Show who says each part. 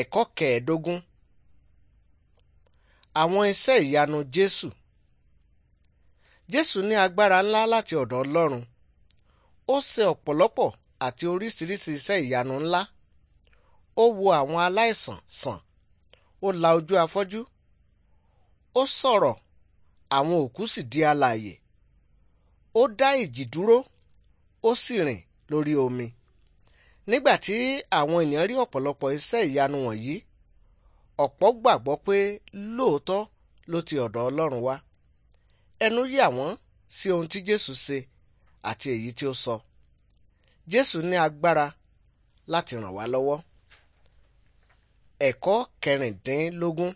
Speaker 1: ẹ̀kọ́ kẹẹ̀ẹ́dógún àwọn iṣẹ́ ìyanu Jésù Jésù ní agbára ńlá láti ọ̀dọ̀ Ọlọ́run ó ṣe ọ̀pọ̀lọpọ̀ àti oríṣiríṣi iṣẹ́ ìyanu ńlá ó wo àwọn aláìsàn sàn ó la ojú afọ́jú ó sọ̀rọ̀ àwọn òkú sì di alààyè ó dá ìjì dúró ó sì rìn lórí omi nígbà tí àwọn ènìyàn rí ọ̀pọ̀lọpọ̀ iṣẹ́ ìyanu wọ̀nyí ọ̀pọ̀ gbàgbọ́ pé lóòótọ́ ló ti ọ̀dọ̀ Ọlọ́run wá ẹnu yà wọ́n sí ohun tí Jésù ṣe àti èyí tí ó sọ Jésù ní agbára láti ràn wá lọ́wọ́ ẹ̀kọ́ kẹrìndínlógún